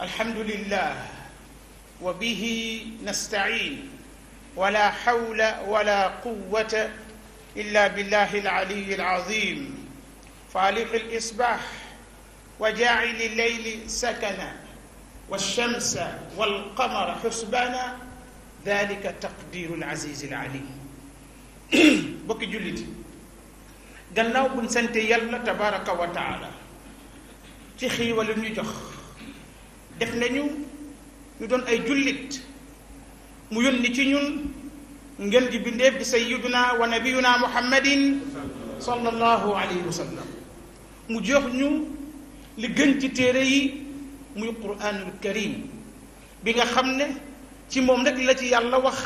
الحمد لله وبه نستعين ولا حول ولا قوة إلا بالله العلي العظيم فالق الإصباح وجاعل الليل سكنا والشمس والقمر حسبانا ذلك تقدير العزيز العليم بك جلدي gannaaw buñ sante yàlla tabaraka wa taala ci xiiwal ñu jox def nañu ñu doon ay jullit mu yónni ci ñun ngeen di bindee di sayyiduna wa nabiyuna muhammadin sallallahu alayhi wa mu jox ñu li gën ci téere yi muy quraanul karim bi nga xam ne ci moom rek la ci yàlla wax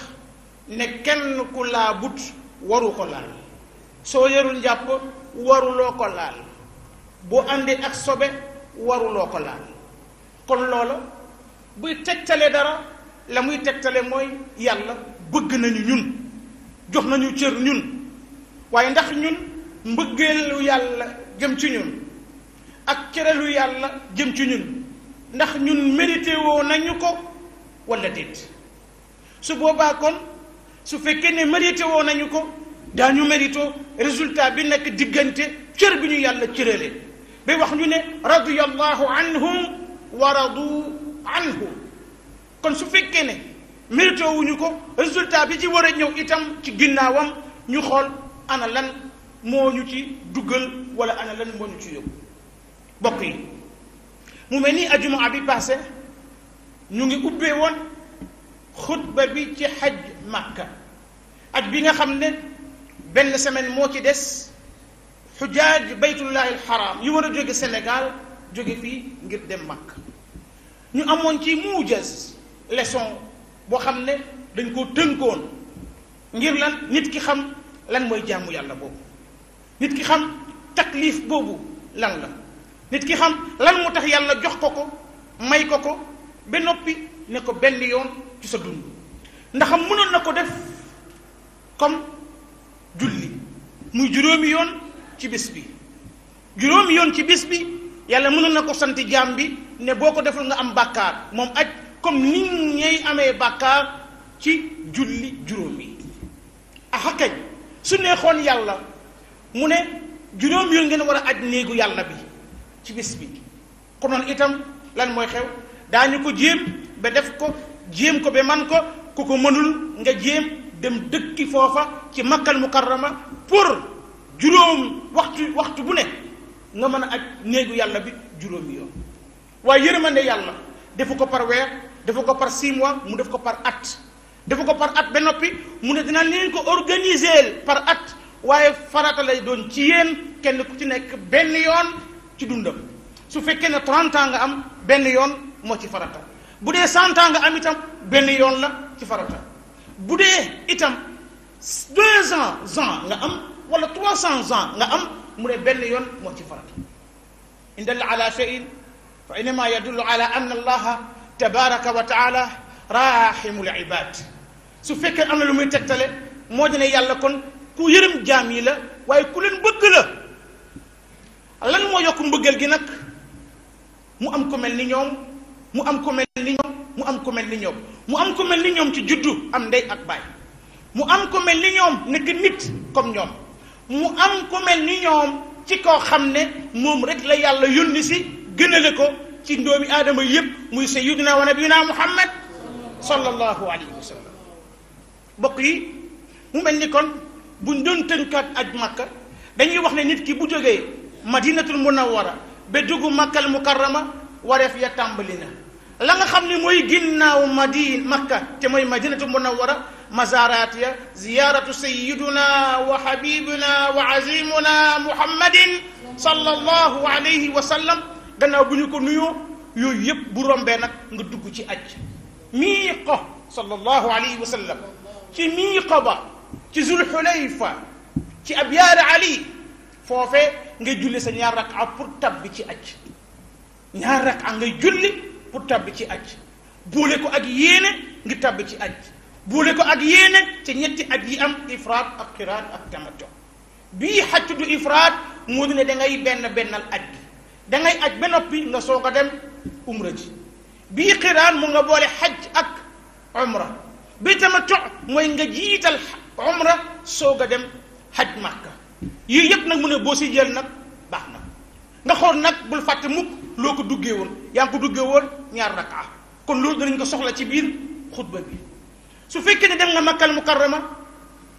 ne kenn ku laabut waru ko laal soo yorul njàpp waruloo ko laal boo àndi ak sobe waruloo ko laal kon loola buy tegtale dara la muy tegtale mooy yàlla bëgg nañu ñun jox nañu cër ñun waaye ndax ñun mbëggeelu yàlla jëm ci ñun ak cërelu yàlla jëm ci ñun ndax ñun mérité woo nañu ko wala déet su boobaa kon su fekkee ne mérité woo nañu ko daañu mérito résultat bi nag diggante cër bi ñu yàlla cërale ba wax ñu ne radiyallahu anhum wa radu anhu kon su fekkee ne mérito wuñu ko résultat bi ci war a ñëw itam ci ginnaawam ñu xool ana lan moo ñu ci duggal wala ana lan moo ñu ci yóbbu bokk yi mu mel ni ajuma bi passé ñu ngi ubbee woon xutba bi ci xaj màkka ak bi nga xam ne benn semaine moo ci des xujjaaj baytullahi alxaram yu war a jóge Sénégal jóge fii ngir dem Makka ñu amoon ci muujaz leçon boo xam ne dañ koo tënkoon ngir lan nit ki xam lan mooy jàmm yàlla boobu nit ki xam taklif boobu lan la nit ki xam lan mu tax yàlla jox ko ko may ko ko ba noppi ne ko benn yoon ci sa dund ndax mënoon na ko def comme julli muy juróomi yoon ci bés bi juróomi yoon ci bés bi yàlla mënoon na ko sant jaam bi ne boo ko deful nga am bàkkaar moom aj comme ni ñuy amee bàkkaar ci julli juróomi axa kañ su neexoon yàlla mu ne juróom yoon ngeen war a aj néegu yàlla bi ci bis bi comme noonu itam lan mooy xew daañu ko jéem ba def ko jéem ko ba man ko ku ko mënul nga jéem dem dëkki foofa ci makkal mukarrama pour juróom waxtu waxtu bu ne nga mën a ak néegu yàlla bi juróomi yoon waaye yërmande yàlla defu ko par weer defu ko par six mois mu def ko par at defu ko par at ba noppi mu ne dinaa leen ko organiser par at waaye farata lay doon ci yéen kenn ku ci nekk benn yoon ci dundam su fekkee ne 30 ans nga am benn yoon moo ci farata bu dee 100 ans nga am itam benn yoon la ci farata bu dee itam deux cents ans nga am wala trois cents ans nga am mu ne benn yoon moo ci farata in dalla ala cheyin fa innama yadullu ala anna allaha tabaraka wa taala rahimul ibad su fekkee am na lu muy tegtale moo di ne yàlla kon ku yërëm jaam yi la waaye ku leen bëgg la lan moo yokk mbëggal gi nag mu am ko mel ni ñoom mu am ko mel ni ñoom mu am ku mel ni ñoom mu am ku mel ni ci juddu am ndey ak baay mu am ku mel ni ñoom nekk nit comme ñoom mu am ku mel ni ñoom ci koo xam ne moom rek la yàlla yónni si gënale ko ci ndoomi aadama yëpp muy sayyiduna wa nabiyuna muhammad sallallahu alayhi wa sallam bokk yi mu mel ni kon buñ doon tënkaat ak makka dañuy wax ne nit ki bu jógee madinatul munawwara ba dugg makkal mukarrama wareef ya tàmbali na la nga xam ne mooy ginnaaw madin makka te mooy madinatu munawara mazaraat ya ziyaaratu sayiduna wa habibuna wa azimuna muhammadin sallallahu alayhi wa sallam gannaaw bu ñu ko nuyoo yooyu yëpp bu rombee nga dugg ci aj mii qo sallallahu alayhi wa sallam ci mii ba ci zul xulayfa ci abyaar ali foofee ngay julli sa ñaar raka pour tab bi ci aj ñaar raka ngay julli pour tàbbi ci aj boole ko ak yéene ngir tàbbi ci aj boole ko ak yéene ci ñetti aj yi am ifraat ak xiraat ak tamato bii xajtu du ifraat moo di ne benn bennal aj aj ba noppi nga soog a dem umra ji bii xiraan mu nga boole xaj ak umra bi tamato mooy nga jiital umra soog a dem xaj màkka yii yëpp nag mu ne boo si jël nag baax na nga xool nag bul fàtte mukk loo ko duggee woon yaa ngi ko duggee woon ñaar rakka kon loolu danañ ko soxla ci biir xutba bi su fekkee ne dem nga makkal mukarrama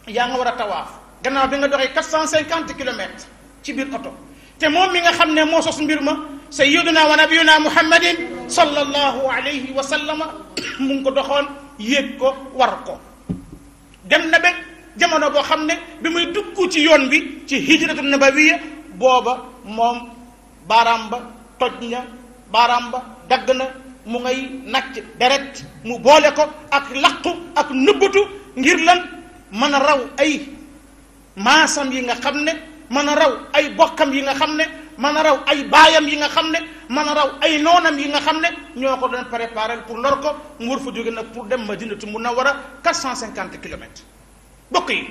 yaa nga war a tawaaf gannaaw bi nga doxee quatre cent cinquante kilomètres ci biir oto te moom mi nga xam ne moo sos mbir ma sayyiduna wa nabiyuna muhammadin sallallahu alayhi wa sallama mu ngi ko doxoon yéeg ko war ko dem na ba jamono boo xam ne bi muy dugg ci yoon bi ci hijratu nabawiya booba moom baaraam ba toj na baaraam ba dagg na mu ngay nacc deret mu boole ko ak laqu ak nëbbatu ngir lan mën a raw ay maasam yi nga xam ne mën a raw ay bokkam yi nga xam ne mën a raw ay baayam yi nga xam ne mën a raw ay noonam yi nga xam ne ñoo ko doon préparé pour lor ko mu war fa jóge nag pour dem ma Madinatu Munawwara quatre cent cinquante kilomètres bokk yi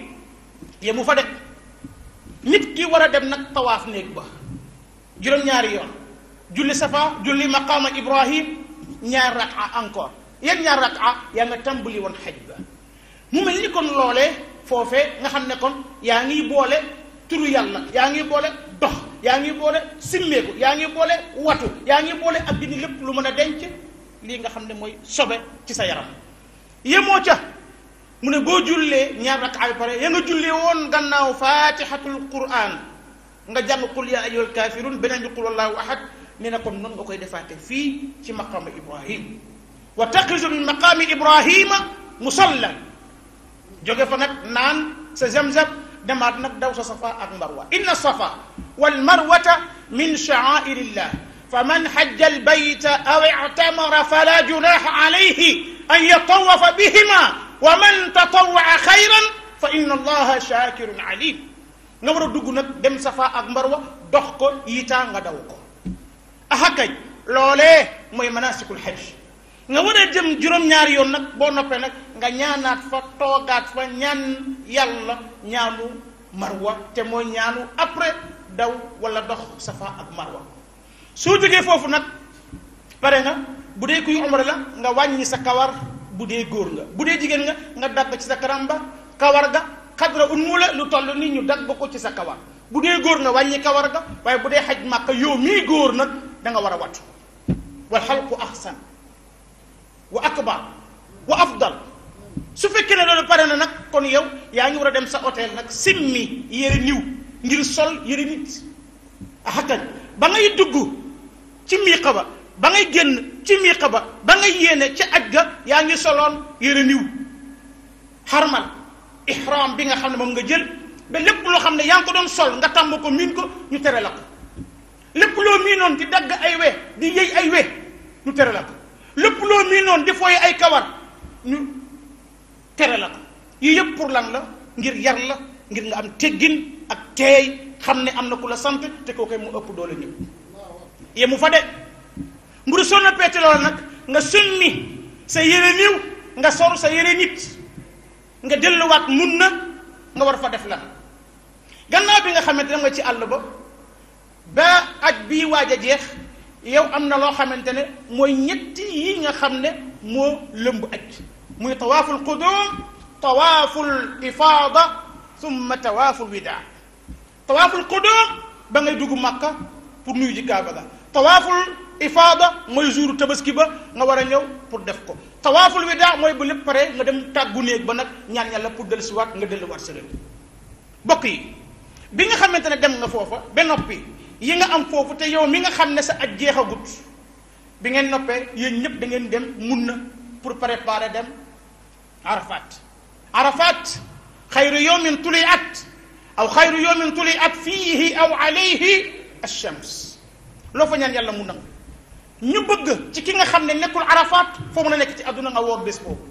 yemu fa de nit ki war a dem nag tawaaf néeg ba juróom-ñaari yoon julli safa julli maqaama ibrahim ñaar rakaa encore yan ñaar rakaa yaa nga tàmbali woon xaj ba mu mel ni kon loolee foofee nga xam ne kon yaa ngi boole turu yàlla yaa ngi boole dox yaa ngi boole simmeeku yaa ngi boole watu yaa ngi boole ak dindi lépp lu mën a denc lii nga xam ne mooy sobe ci sa yaram yemoo ca mu ne boo jullee ñaar rakaa bi pare ya nga jullee woon gannaaw fatihatul quran nga jàng qul yaa ayyuhal kaafiruun beneen bi qul wallahu ahad nee na kon noonu nga koy defaate fii ci maqaama ibrahim wa taxrisu min maqaami ibrahima musalla jóge fa nag naan sa zamzam demaat nag daw sa safa ak marwa inna safa wal marwata min sha'airillah faman hajja albayta aw i'tamara fala junaha alayhi an yatawafa bihima wa man tatawaa xayran fa inna allaha shakirun alim nga war a dugg nag dem safa ak marwa dox ko yitaa nga daw ko axakkañ loolee mooy manasikul xaj nga war a jëm juróom-ñaari yoon nag boo noppee nag nga ñaanaat fa toogaat fa ñaan yàlla ñaanu marwa te mooy ñaanu après daw wala dox safa ak marwa soo jógee foofu nag pare nga bu dee kuy umra la nga wàññi sa kawar bu dee góor nga bu dee jigéen nga nga dagg ci sa karamba kawar ga xadra un mu la lu toll nit ñu dagg ko ci sa kawar bu dee góor nga wàññi kawar ga waaye bu dee xaj màkka yow mii góor nag danga war a wattu wal xalqu ahsan wa akbar wa afdal su fekkee ne loolu pare na nag kon yow yaa ngi war a dem sa hôtel nag simmi yére niw ngir sol yére nit axakkan ba ngay dugg ci miiqa ba ba ngay génn ci miiqa ba ba ngay yéene ci aj ga yaa ngi soloon yére niw xarmal ihram bi nga xam ne moom nga jël ba lépp loo xam ne yaa ngi ko doon sol nga tàmb ko miin ko ñu tere la ko lépp loo miinoon di dagg ay we di yëy ay we ñu tere la ko lépp loo miinoon di fooy ay kawar ñu tere la ko yii yëpp pour lan la ngir yar la ngir nga am teggin ak teey xam ne am na ku la sant te koo koy mu ëpp doole ñëpp yemu fa de mburu soo noppee ci nag nga summi sa yére niiw nga sor sa yére nit nga delluwaat mun na nga war fa def lan gannaaw bi nga xamante dem nga ci àll ba ba aj bi waaj a jeex yow am na loo xamante ne mooy ñetti yi nga xam ne moo lëmb aj muy tawaaful qudum tawaaful ifaada summa tawaaful widaa tawaaful qudum ba ngay dugg màkka pour nuyu ji kaaba ga tawaaful ifaada mooy jour tabaski ba nga war a ñëw pour def ko tawaaful widaa mooy ba lépp pare nga dem tàggu néeg ba nag ñaan yàlla pour dellusiwaat nga delluwaat sa réew mbokk yi bi nga xamante ne dem nga foofa ba noppi yi nga am foofu te yow mi nga xam ne sa aj jeexagut bi ngeen noppee yéen ñëpp dangeen dem mun na pour préparer dem arafat arafat xayru yawmin tuli at aw xayru yawmin tuli at fiihi aw alayhi alchams loo fa ñaan yàlla mu nangu ñu bëgg ci ki nga xam ne nekkul arafat foo mën a nekk ci àdduna nga woor bés boobu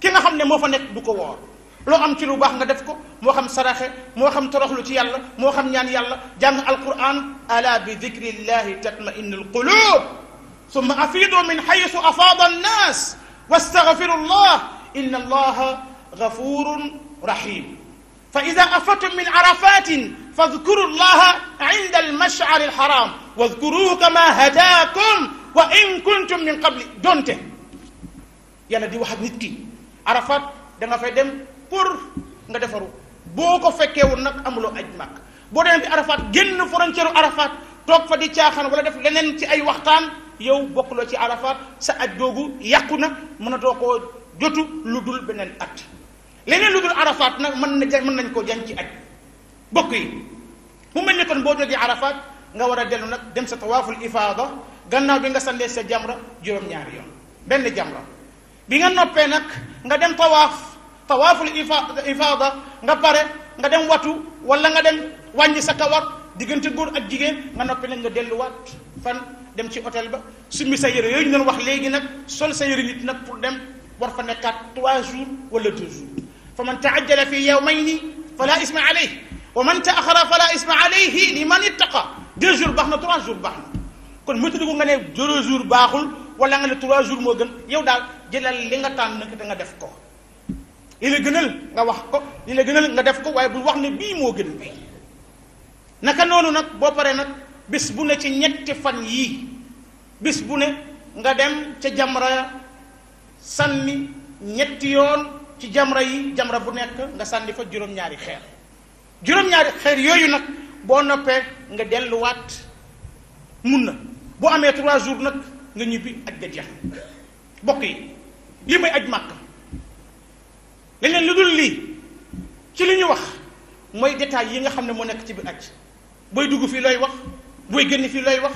ki nga xam ne moo fa nekk du ko woor loo am ci lu baax nga def ko moo xam saraxe moo xam toroxlu ci yàlla moo xam ñaan yàlla jàng alquran ala bi dikrillahi tatmainu alqulub summa afiidu min xaysu afaada annas wastaghfiru llah inna allaha gafurun rahim fa ida afadtum min arafatin fadkuru llaha inda almashari alxaram wadkuruhu kama hadakum wa in kuntum min qabli donte yàlla di wax ak nit ki arafat da nga fay dem pour nga defaru boo ko fekkee fekkeewul nag amuloo aj màkk boo demee bi Arafat génn frontière u Arafat toog fa di caaxaan wala def leneen ci ay waxtaan yow bokkuloo ci Arafat sa aj googu yàqu na mënatoo koo jotu lu dul beneen at leneen lu dul Arafat nag mën na mën nañ koo jan ci aj bokk yi mu mel ni kon boo jógee Arafat nga war a dellu nag dem sa tawaaful ifaada gannaaw bi nga sandee sa jamra juróom-ñaari yoon benn jamra bi nga noppee nag nga dem tawaaf tawaaful ifaada nga pare nga dem watu wala nga dem wàññi sa kawar diggante góor ak jigéen nga noppi nañ nga delluwaat fan dem ci hôtel ba summi sa yére yooyu ñu doon wax léegi nag sol sa yére nit nag pour dem war fa nekkaat trois jours wala deux jours fa man taajjala fi yawmayni fala isma alayhi wa man taaxara fala isma alayhi li man ittaqa deux jours baax na trois jours baax na kon moytudiku nga ne deux jours baaxul wala nga ne trois jours moo gën yow daal jëlal li nga tànn nag da def ko li la gënal nga wax ko li la gënal nga def ko waaye bul wax ne bii moo gën bii naka noonu nag boo paree nag bis bu ne ci ñetti fan yi bis bu ne nga dem ca jamra sànni ñetti yoon ci jamra yi jamra bu nekk nga sànni fa juróom-ñaari xeer juróom-ñaari xeer yooyu nag boo noppee nga delluwaat mun na boo amee trois jours nag nga ñibbi aj ga jeex bokk yi lii may aj màkk leneen lu dul lii ci li ñu wax mooy détails yi nga xam ne moo nekk ci biir aj booy dugg fii looy wax booy génn fii looy wax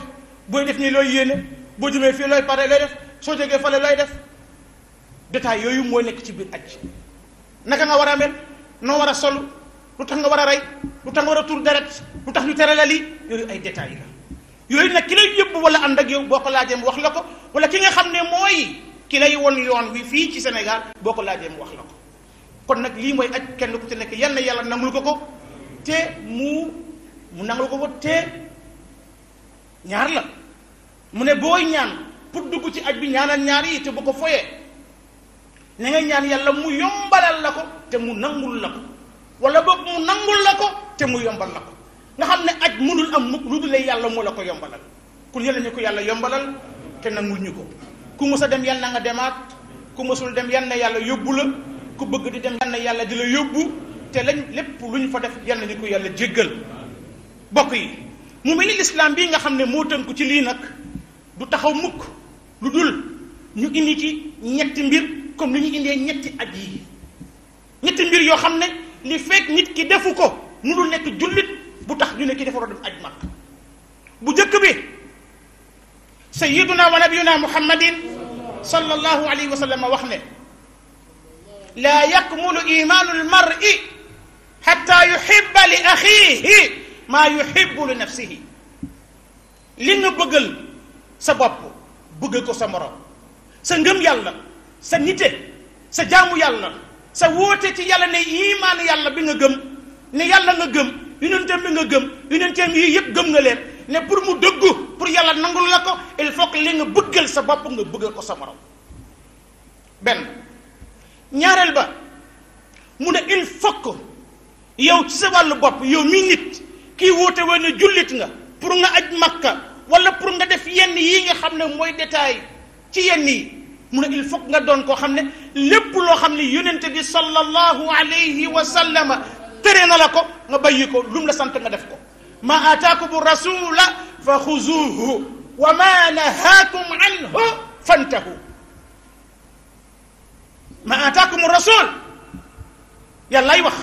booy def nii looy yéene boo jëmee fii looy pare looy def soo jógee fale looy def détails yooyu moo nekk ci biir aj naka war a mel noo war a sol lu tax nga war a rey lu tax nga war a tur deret lu tax ay détails la yooyu nag ki lay yóbbu wala ànd ak yow boo ko laajee mu wax la ko wala ki nga xam ne mooy ki lay won yoon wi fii ci Sénégal boo ko laajee mu wax la ko kon nag lii mooy aj kenn ku ci nekk yan na yàlla nangul ko ko te mu mu nangul ko ko te ñaar la mu ne booy ñaan pour dugg ci aj bi ñaanal ñaar yi te bu ko foyee na mu yombalal la ko te mu nangul la ko wala boog mu nangul la ko te mu yombal la ko nga xam ne aj mënul am mukk lu dul yàlla moo la ko yombalal kun yàlla ñu ko yàlla yombalal te nangul ñu ko ku mës a dem yal nanga demaat ku mësul dem yal yàlla yóbbu la ku bëgg di dem yal yàlla di la yóbbu te lañ lépp lu ñu fa def yal nañu ko yàlla jéggal bokk yi mu mel ni lislaam bii nga xam ne moo ko ci lii nag du taxaw mukk lu dul ñu indi ci ñetti mbir comme li ñu indee ñetti aj yi ñetti mbir yoo xam ne li fekk nit ki defu ko mënul nekk jullit bu tax ñu ne ki defaroo dem aj mag bu jëkk bi sayyiduna wa nabiyuna muhammadin sallallahu alayhi wa sallam wax ne laa yakmulu imaanu almari xatta yuxiba li axiihi maa yuxibu li nafsihi li nga bëggal sa bopp bëgg ko sa morom sa ngëm yàlla sa nite sa jaamu yàlla sa wóote ci yàlla ne imaan yàlla bi nga gëm ne yàlla nga gëm yonenteem bi nga gëm yonenteem yi yëpp gëm nga leen ne pour mu dëggu pour yàlla nangul la ko il faut que li nga bëggal sa bopp nga bëggal ko sa moro benn ñaareel ba mu ne il faut yow ci sa wàllu bopp yow mi nit kii woote woon ne jullit nga pour nga aj makka wala pour nga def yenn yii nga xam ne mooy détail ci yenn yi mu ne il faut nga doon koo xam ne lépp loo xam ne yonent bi sallallahu alayhi wa sallama tere na la ko nga bàyyi ko lu la sant nga def ko ma ataakumu rasula fa xuzuuhu wa ma nahaakum anhu fantahu ma ataakum rasul yàllaay wax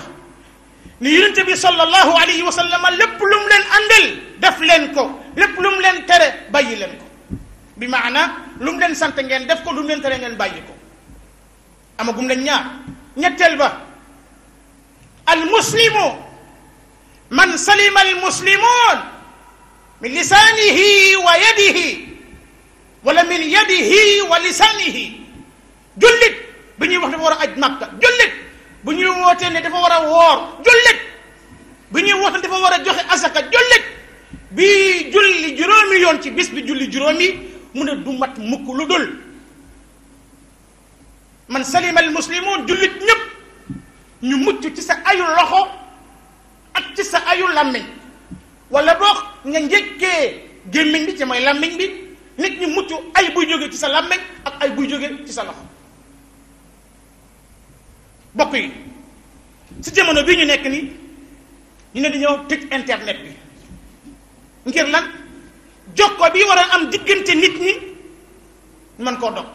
ni yonente bi sallallahu alayhi wa sallam lépp lu mu leen àndal def leen ko lépp lu mu leen tere bàyyi leen ko bi maana lu mu leen sant ngeen def ko lu mu leen tere ngeen bàyyi ko amagum leen ñaar ñetteel ba al muslimu man salima al muslimun min lisaanihi wa yadihi wala min yadihi wa lisaanihi jullit ba ñuy wax dafa war a aj màkka jullit bu ñuy wootee ne dafa war a woor jullit bu ñuy wootee dafa war a joxe asaka jullit bi julli juróomi yoon ci bis bi julli juróomi mu ne du mat mukk lu dul man salima al muslimun jullit ñëpp ñu mucc ci sa ayu loxo ak ci sa ayu làmmiñ wala boog nga njëkkee gémmiñ bi ci mooy làmmiñ bi nit ñu mucc ay buy jóge ci sa làmmiñ ak ay buy jóge ci sa loxo bokk yi si jamono bii ñu nekk nii ñu ne dañoo tëj internet bi ngir lan jokkoo bi war a am diggante nit ñi mën koo dog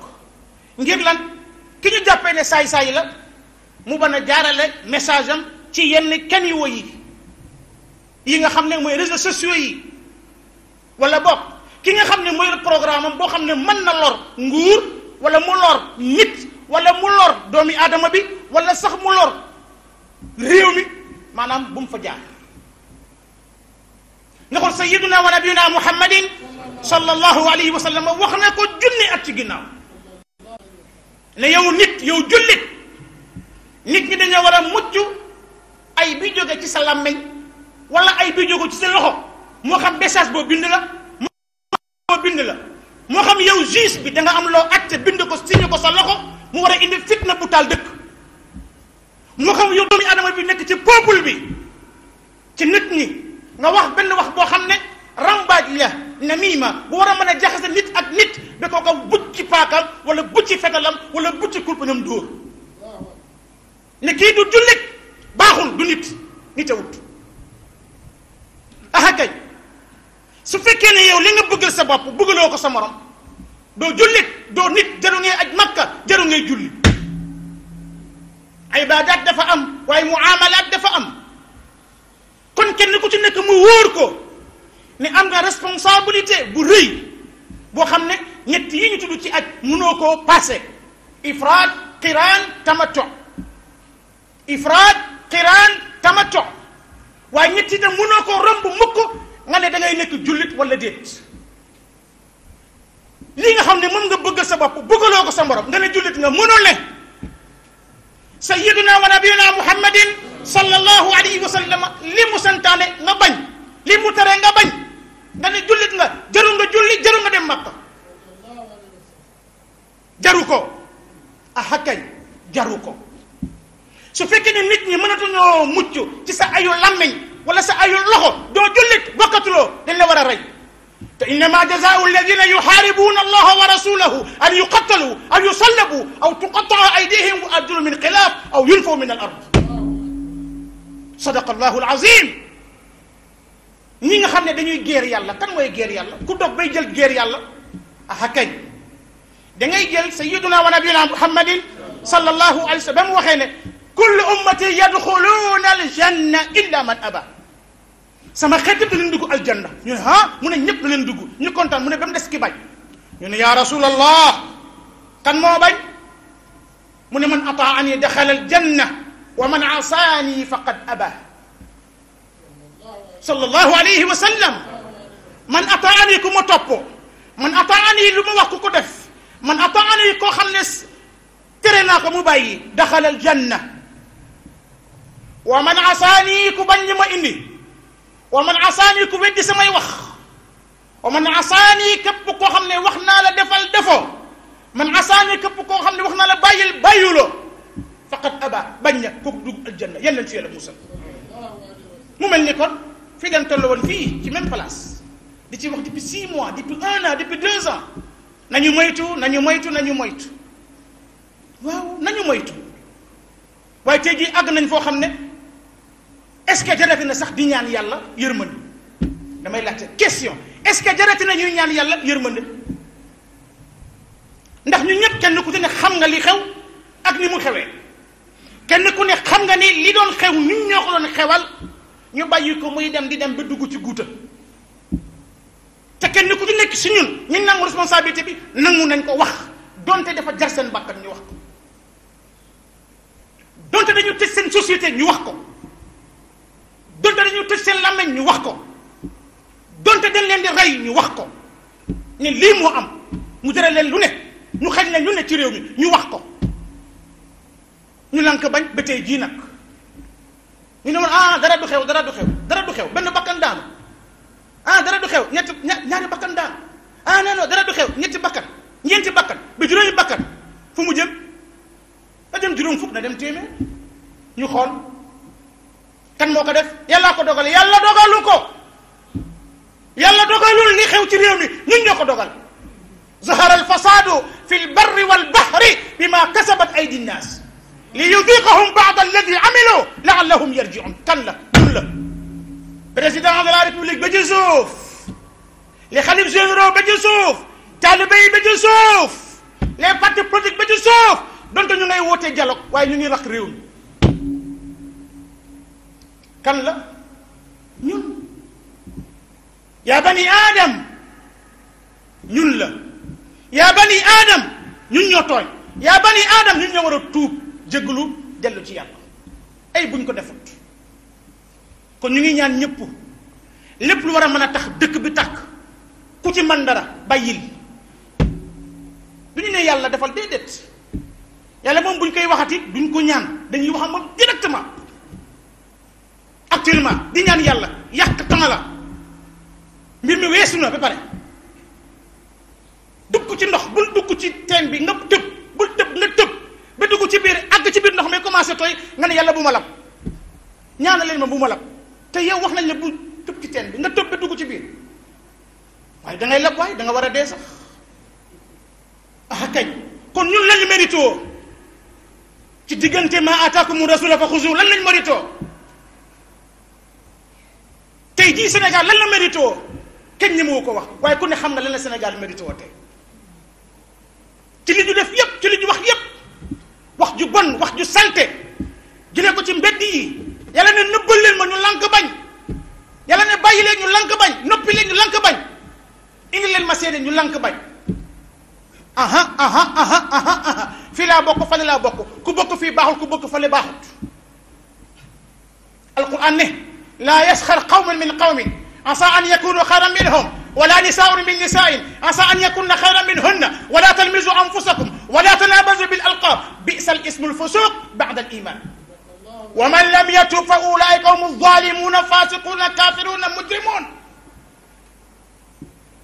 ngir lan ki ñu jàppee ne saay-saay la mu ban a jaarale message am ci yenn kenn yu yi yi nga xam ne mooy réseaux sociaux yi wala boog ki nga xam ne mooy programme am boo xam ne man na lor nguur wala mu lor nit wala mu lor doomi aadama bi wala sax mu lor réew mi maanaam bu mu fa jaar nga xool sayyiduna wa nabiyuna muhammadin sallallahu alayhi wa sallam wax na ko junni at ci ginnaaw ne yow nit yow jullit nit ñi dañoo war a mucc ay bi jóge ci sa làmmiñ wala ay bi jóge ci sa loxo moo xam message boo bind la moo xam yow juge bi da nga am loo àtte bind ko signé ko sa loxo mu war a indi fitna bu taal dëkk moo xam yow doomi adama bi nekk ci peuple bi ci nit ñi nga wax benn wax boo xam ne rambaaj la namima bu war a mën a jaxase nit ak nit da koo ko bucc ci paakam wala bucc ci fetalam wala bucc ci kurpañam dóor ne du jullit baaxul du nit nit a wut aha su fekkee ne yow li nga bëggal sa bopp bëggaloo ko sa morom doo jullit doo nit jaru ngay aj makka jaru ngay julli ibaadaat dafa am waaye muamalaat dafa am kon kenn ku ci nekk mu wóor ko ne am nga responsabilité bu rëy boo xam ne ñett yi ñu tudd ci aj mënoo koo passé ifraad qiraan tamato ifraad qiraan tamato waaye ñett yi tam mënoo koo romb mukk nga ne da nekk jullit wala déet li nga xam ne moom nga bëgg sa bopp bëggaloo ko sa morom nga ne jullit nga mënul ne sayyiduna wa nabiyuna muhammadin sallallahu alayhi wa sallam li mu santaane nga bañ li tere nga bañ nga ne jullit nga jaru nga julli jaru nga dem Makka jaru ko ah kañ jaru ko su fekkee ne nit ñi mënatuñoo mucc ci sa ayu làmmiñ wala sa ayu loxo doo jullit bokkatuloo dañ la war a rey te innama jazaau alladina yuxaaribuuna allaha wa rasulahu an yuqattalu an yusallabu aw tuqataa aydihim wa arjulu min xilaaf aw yunfaw min al ard sadaqa allahu alazim ñi nga xam ne dañuy géer yàlla kan mooy géer yàlla ku dox bay jël géer yàlla aha kañ da ngay jël sayiduna wa nabiyuna muhammadin sallallahu alayhi wa sallam ba mu waxee ne kullu ummati yadxuluuna aljanna illa man aba sama xeet yëpp danañ dugg aljanna ñu ne ah mu ne ñëpp danañ dugg ñu kontaan mu ne ba mu bañ ñu ne yaa rasulallah kan moo bañ mu ne man ataani daxala aljanna wa man asaani ataani ku ma toppoo man ataani lu ma wax ku ko def man ataani koo xam ne tere naa ko mu bàyyi daxala aljanna wa man asaani ku bañ li ma wa man asaani ku weddi samay wax wa man asaani képp koo xam ne wax naa la defal defoo man asaani képp koo xam ne wax naa la bàyyil bàyyuloo faqat aba bañ na kooku dugg aljanna yal nañ ci yàlla musal mu mel ni kon fi ngeen toll woon fii ci même place di ci wax depuis six mois depuis un an depuis deux ans nañu moytu nañu moytu nañu moytu waaw nañu moytu waaye tey jii àgg nañ foo xam ne est-ce que jarati na sax di ñaan yàlla yërmande damay laajte question est-ce que jarati na ñuy ñaan yàlla yërmande ndax ñu ñëpp kenn ku ci ne xam nga li xew ak ni mu xewee kenn ku ne xam nga ni li doon xew ñun ñoo ko doon xewal ñu bàyyi ko muy dem di dem ba dugg ci guuta te kenn ku ci nekk si ñun ñu nangu responsabilité bi nangu nañ ko wax donte dafa jar seen bàkkan ñu wax ko doonte dañu tëj seen société ñu wax ko. donte dañu tëj seen làmmeñ ñu wax ko donte dañ leen di rey ñu wax ko ne lii moo am mu jëre leen lu ne ñu xañ leen lu ne ci réew mi ñu wax ko ñu lank bañ ba tey jii nag ñu ne woon ah dara du xew dara du xew dara du xew benn bakkan daanu ah dara du xew ñetti ñaari bakkan daanu ah non non dara du xew ñetti bakkan ñeenti bakkan ba juróomi bakkan fu mu jëm na dem juróom fukk na dem téeméer ñu xool kan moo ko def yàllaa ko dogal yàlla dogalu ko yàlla ko dogal zahara alfasadu fi lbarri walbahri bima kasabat aydi nnaas li yudiqahum bada alladi amilu laallahum yarjiun kan la ñun la président de la république ba ci suuf les xalif généraux ba ci suuf taalibe yi ba ci suuf les partis politiques ba ci suuf donte ñu ngay kan la ñun yaa bani aadam ñun la yaa bani aadam ñun ñoo tooñ yaa bani aadam ñun ñoo war a tuub jéggalu dellu ci yàlla ay buñ ko defut kon ñu ngi ñaan ñëpp lépp lu war a mën a tax dëkk bi tàkk ku ci man dara bàyyil du ñu ne yàlla defal déedéet yàlla moom buñ koy waxati duñ ko ñaan dañuy waxam moom directement actuellement di ñaan yàlla yàq temps la mbir mi weesu na ba pare dugg ci ndox bul dugg ci teen bi nga tëb bul tëb nga tëb ba dugg ci biir àgg ci biir ndox mi commencé tooy nga ne yàlla bu ma lab ñaana leen ma bu ma lab te yow wax nañ ne bu tëb ci teen bi nga tëb ba dugg ci biir waaye dangay ngay lab waaye da nga war a dee sax ah kañ kon ñun lañu mérito ci diggante ma ataakumu rasula fa xuzu lañu lañ mérito tey jii Sénégal lan la mérité woo kenn ñemewu ko wax waaye ku ne xam na lan la Sénégal mérité tey ci li ñu def yépp ci li ñu wax yépp wax ju bon wax ju salte jëlee ko ci mbedd yi yàlla ne nëbbal leen ma ñu lank bañ yàlla ne bàyyi leen ñu lank bañ noppi leen ñu lank bañ indi leen ma seede ñu lank bañ aha aha fii laa bokk fale laa bokk ku bokk fii baaxul ku bokk fale baaxut alquran ne laa yasxar qawmun min qawmin asa an yakunu xayran minhum wala nisaaun min nisaain asa an yakunna xayran minhunna wala talmizu anfusakum wala tanaabazu bil alqaab bisa al ismu alfusuq bada al iman wa man lam yatub fa ulaika hum zalimuuna fasiquuna kafiruuna mujrimuun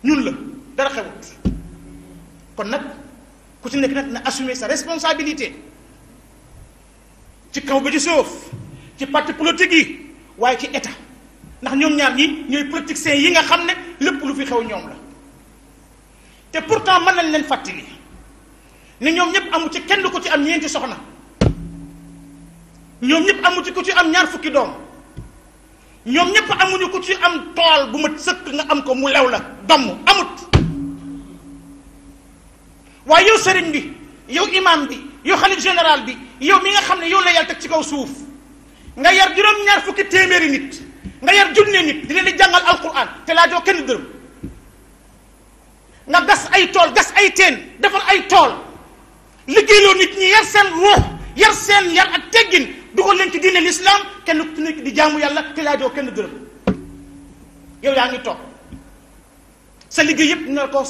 ñun la dara xewut kon nag ku ci nekk nag na assumer sa responsabilité ci kaw ba ci suuf ci parti politique yi waaye ci état ndax ñoom ñaar ñi ñooy politiciens yi nga xam ne lépp lu fi xew ñoom la te pourtant mën nañ leen fàttali ne ñoom ñëpp amu ci kenn ko ci am ñeenti soxna ñoom ñëpp amu ci ko ci am ñaar fukki doom ñoom ñëpp amuñu ku ci am bu ma sëkk nga am ko mu lew la damm amut waaye yow sëriñ bi yow imam bi yow xalif général bi yow mi nga xam ne yow la yàlla teg ci kaw suuf nga yar juróom-ñaar fukki téeméeri nit nga yar junne nit di leen di jàngal alquran te laajoo kenn dërëm nga gas ay tool gas ay teen defar ay tool liggéeyloo nit ñi yar seen ruux yar seen yar ak teggin dugal leen ci diine lislaam kenn ku nekk di jaamu yàlla te laajoo kenn dërëm yow yaa ngi toog sa liggéey yépp na ko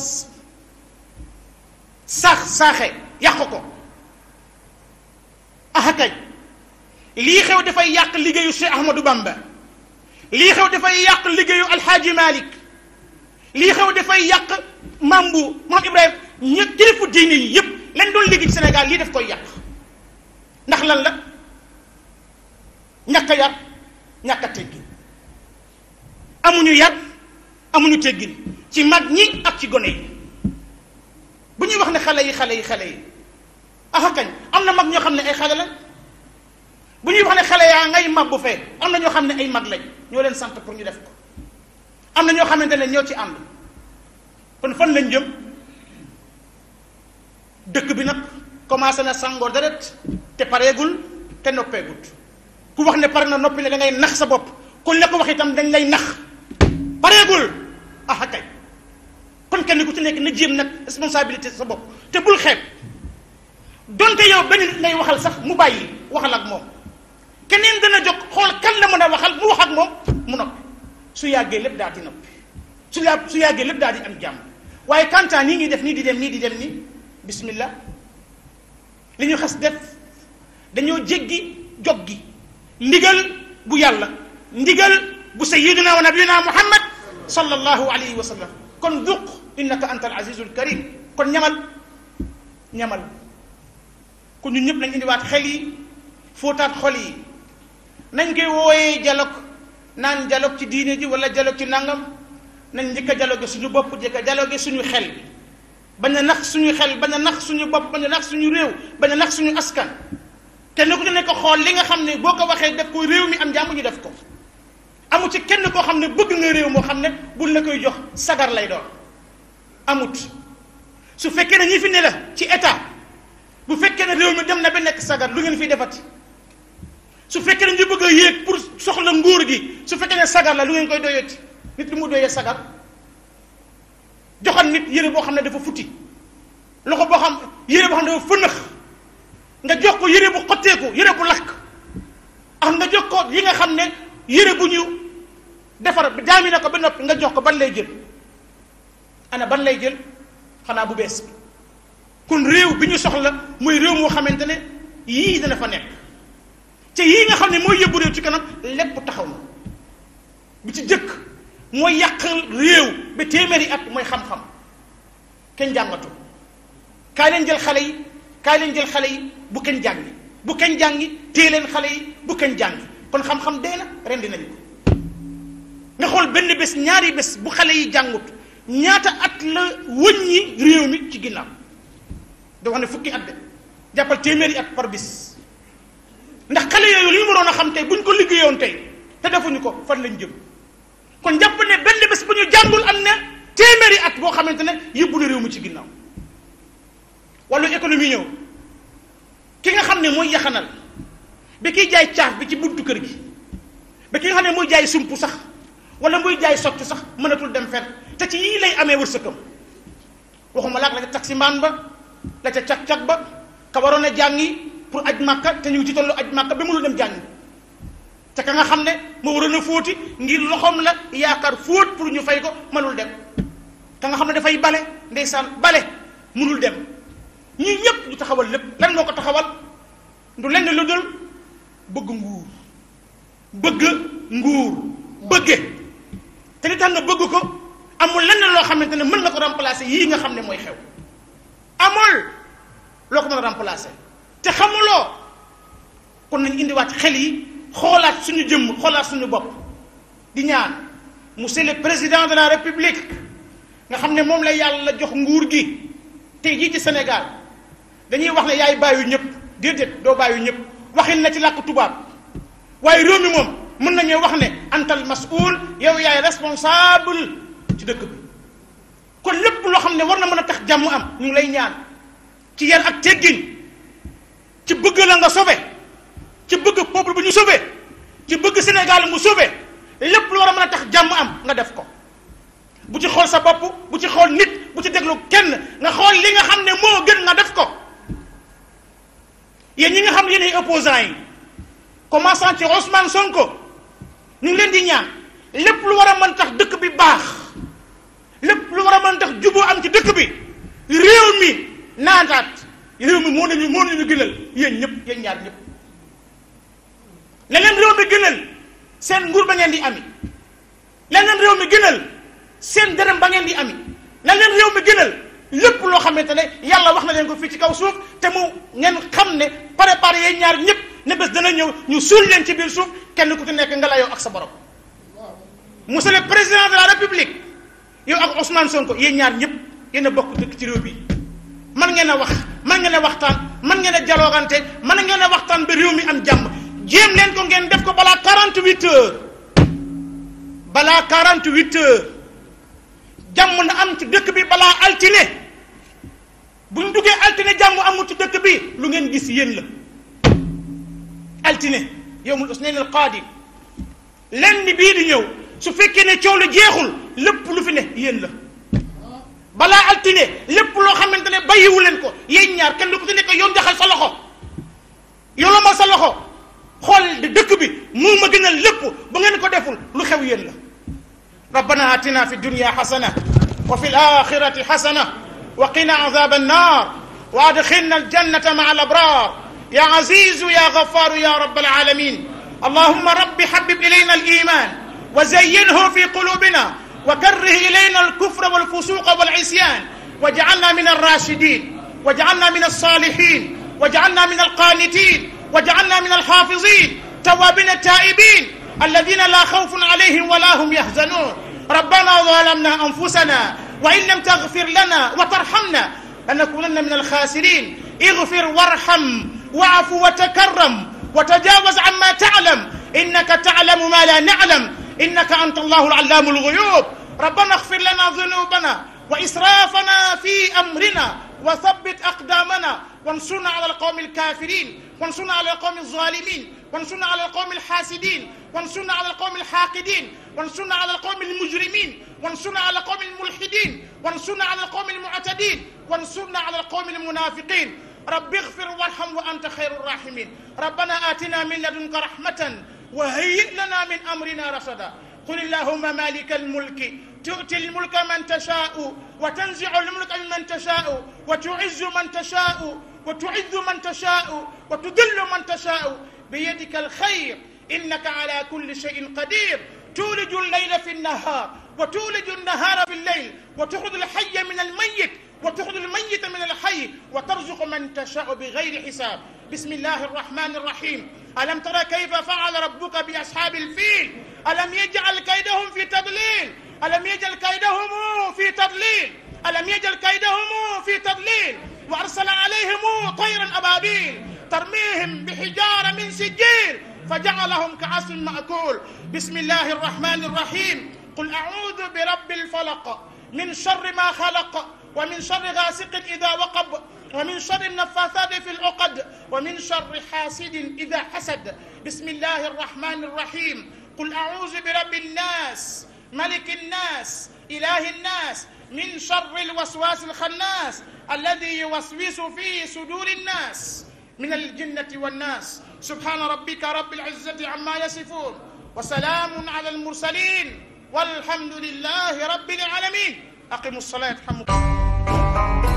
saax saaxe yàq ko ah kay lii xew dafay yàq liggéeyu Cheikh Ahmadou Bamba lii xew dafay yàq liggéeyu Alxaaji Malik lii xew dafay yàq maam bu maam Ibrahima ña kilifu diine yi yëpp lañ doon liggéey ci Sénégal lii daf koy yàq ndax lan la ñàkk a yar ñàkk a amuñu yar amuñu teggin ci mag ñi ak ci gone yi bu ñuy wax ne xale yi xale yi xale yi ah kañ am na mag ñoo xam ne ay xale la. bu ñuy wax ne xale yaa ngay mag bu fee am na ñoo xam ne ay mag lañ ñoo leen sant pour ñu def ko am na ñoo xamante ne ñoo ci àmb kon fan lañ jëm dëkk bi nag commencé na sàngoo deret te pareegul te noppeegut ku wax ne pare na noppi ne da ngay nax sa bopp kon la ko wax itam dañ lay nax pareegul ah kay kon kenn ku ci nekk na jéem nag responsabilité sa bopp te bul xeeb donte yow benn lay waxal sax mu bàyyi waxal ak moom. keneen dana jóg xool kan la mën a waxal mu wax ak mu noppi su yàggee lépp daal di noppi su la su yàggee lépp daal di am jàmm waaye kantaa nii ngi def nii di dem nii di dem nii bismillah li ñu xas def dañoo jéggi jog gi ndigal bu yàlla ndigal bu sayyidina wa nabiyina muhammad sallallahu alayhi wa sallam kon duq innaka anta al azizul karim kon ñamal ñamal kon ñun ñëpp nañ indiwaat xel yi fóotaat xol yi nañ koy wooyee dialogue naan dialogue ci diine ji wala dialogue ci nangam nañ njëkk a suñu bopp njëkk a dialogue suñu xel bi bañ a nax suñu xel bañ a suñu bopp bañ a nax suñu réew bañ a suñu askan kenn ku ci nekk xool li nga xam ne boo ko waxee def ko réew mi am jàmm ñu def ko amu ci kenn koo xam ne bëgg nga réew moo xam ne buñ la koy jox sagar lay doon amut su fekkee ne ñi fi ne ci état bu fekkee ne réew mi dem na ba nekk sagar lu ngeen fiy defati su fekkee nañ dañu bëgg a yéeg pour soxla ngóor gi su fekkee ne sagar la lu ngeen koy doyati nit lu mu doyee sagar joxan nit yére boo xam ne dafa futti loxo boo xam yére boo xam ne dafa fënëx nga jox ko yére bu xotteeku yére bu lakk ak nga jox ko yi nga xam ne yére bu ñu defar jaami na ko ba noppi nga jox ko ban lay jël ana ban lay jël xanaa bu bees bi kon réew bi ñu soxla muy réew moo xamante ne yii dana fa nekk te yii nga xam ne mooy yóbbu réew ci kanam lépp taxaw ma bi ci jëkk mooy yàq réew ba téeméeri at mooy xam-xam kenn jàngatu kaay leen jël xale yi kaay leen jël xale yi bu kenn jàngi bu kenn jàngi téye leen xale yi bu kenn jàngi kon xam-xam dee na rendi nañu ko nga xool benn bés ñaari bés bu xale yi jàngut ñaata at la wëññi réew mi ci ginnaaw da wax ne fukki at de jàppal téeméeri at par bis ndax xale yooyu li ñu waroon a xam tey buñ ko liggéeyoon tey te defuñu ko fan lañ jëm kon jàpp ne benn bés bu ñu jàngul am na téeméeri at boo xamante ne yëbbu na réew mi ci ginnaaw wàllu économie ñëw ki nga xam ne mooy yaxanal ba kiy jaay caaf bi ci buntu kër gi ba ki nga xam ne mooy jaay sump sax wala muy jaay soccu sax mënatul dem fet te ci yii lay amee wërsëgam waxuma laak la ca taximaan ba la ca cag-cag ba ka a jàngi pour aj màkka te ñu ngi ci tollu aj màkka bi mënul dem jàngi te ka nga xam ne moo waroon na fóoti ngir loxoom la yaakaar fóot pour ñu fay ko mënul dem ka nga xam ne dafay bale ndeysaan bale mënul dem ñi ñëpp ñu taxawal lépp lan moo ko taxawal du lenn lu dul bëgg nguur bëgg nguur bëgge te li tax nga bëgg ko amul lenn loo xamante ne mën na ko remplacer yii nga xam ne mooy xew amul loo ko mën a remplacer te xamuloo kon nañ indiwaat xel yi xoolaat suñu jëmm xoolaat suñu bopp di ñaan monsieur le président de la république nga xam ne moom la yàlla jox nguur gi tey jii ci Sénégal dañuy wax ne yaay bàyyi ñëpp déedéet doo bàyyi ñëpp waxin na ci làkk tubaab waaye réew mi moom mën nañoo wax ne antal mas'ul yow yaay responsable ci dëkk bi kon lépp loo xam ne war na mën a tax jàmm am ñu lay ñaan ci yar ak teggin ci bëgg la nga sauvé ci bëgg peuple bu ñu sauvé ci bëgg Sénégal mu sauvé lépp lu war a mën a tax jàmm am nga def ko bu ci xool sa bopp bu ci xool nit bu ci déglu kenn nga xool li nga xam ne moo gën nga def ko yéen yi nga xam ne yéen ay opposants yi commençant ci Ousmane Sonko ñu ngi leen di ñaan lépp lu war a mën tax dëkk bi baax lépp lu war a mën tax juboo am ci dëkk bi réew mi naataat réew mi moo nañu moo nañu gënal yéen ñëpp yéen ñaar ñëpp leneen réew mi gënal seen nguur ba ngeen di ami leneen réew mi gënal seen dërëm ba ngeen di ami leen réew mi gënal lépp loo xamante ne yàlla wax na leen ko fii ci kaw suuf te mu ngeen xam ne préparé yéen ñaar ñëpp ne bés dana ñëw ñu suul leen ci biir suuf kenn ku ci nekk nga la yow ak sa borom monsieur le président de la république yow ak soon ko yéen ñaar ñëpp yéen a bokk dëkk ci réew bi man ngeen a wax man ngeen a waxtaan man ngeen a jaloogante man ngeen a waxtaan ba réew mi am jàmm jéem leen ko ngeen def ko balaa 48 heures balaa 48 heures jàmm na am ci dëkk bi balaa altine bu ñu duggee altine jàmm amul ci dëkk bi lu ngeen gis yéen la altine yowmul usnayn al qaadi lenn bii di ñëw su fekkee ne coow la jeexul lépp lu fi ne yéen la balaa altine lépp loo xamante ne bàyyiwu leen ko yéen ñaar kenn lu ko ci nekk yoon jaxal sa loxo yola ma sa loxo xool di dëkk bi moo ma gënal lépp ba ngeen ko deful lu xew yéen la rabbana atina fi dunya xasana wa fi alaxirati xasana wa qina azab annar wa adxilna aljannata maa alabrar ya azizu ya gafaru ya rabbal alamin allahuma rabbi habib ilayna aliman wa zayyinhu fi qulubina وكره إلينا الكفر والفسوق والعصيان واجعلنا من الراشدين واجعلنا من الصالحين واجعلنا من القانتين واجعلنا من الحافظين توابين التائبين الذين لا خوف عليهم ولا هم يحزنون ربنا ظلمنا أنفسنا وإن لم تغفر لنا وترحمنا لنكونن من الخاسرين اغفر وارحم واعف وتكرم وتجاوز عما تعلم إنك تعلم ما لا نعلم إنك أنت الله العلام الغيوب ربنا اغفر لنا ذنوبنا وإسرافنا في أمرنا وثبت أقدامنا وانصرنا على القوم الكافرين وانصرنا على القوم الظالمين وانصرنا على القوم الحاسدين وانصرنا على القوم الحاقدين وانصرنا على القوم المجرمين وانصرنا على القوم الملحدين وانصرنا على القوم المعتدين وانصرنا على القوم المنافقين رب اغفر وارحم وأنت خير الراحمين ربنا آتنا من لدنك رحمة وهيئ لنا من أمرنا رشدا قل اللهم مالك الملك تؤتي الملك من تشاء وتنزع الملك ممن تشاء وتعز من تشاء وتعز من تشاء وتذل من تشاء بيدك الخير إنك على كل شيء قدير تولج الليل في النهار وتولج النهار في الليل وتخرج الحي من الميت وتخرج الميت من الحي وترزق من تشاء بغير حساب بسم الله الرحمن الرحيم ألم ترى كيف فعل ربك بأصحاب الفيل ألم يجعل كيدهم في تضليل ألم يجل كيدهم في تضليل ألم يجل كيدهم في تضليل وأرسل عليهم طيرا أبابيل ترميهم بحجارة من سجيل فجعلهم كعصف مأكول بسم الله الرحمن الرحيم قل أعوذ برب الفلق من شر ما خلق ومن شر غاسق إذا وقب ومن شر النفاثات في العقد ومن شر حاسد إذا حسد بسم الله الرحمن الرحيم قل أعوذ برب الناس ملك الناس إله الناس من شر الوسواس الخناس الذي يوسوس في صدور الناس من الجنة والناس سبحان ربك رب العزة عما يصفون وسلام على المرسلين والحمد لله رب العالمين أقم الصلاة يرحمكم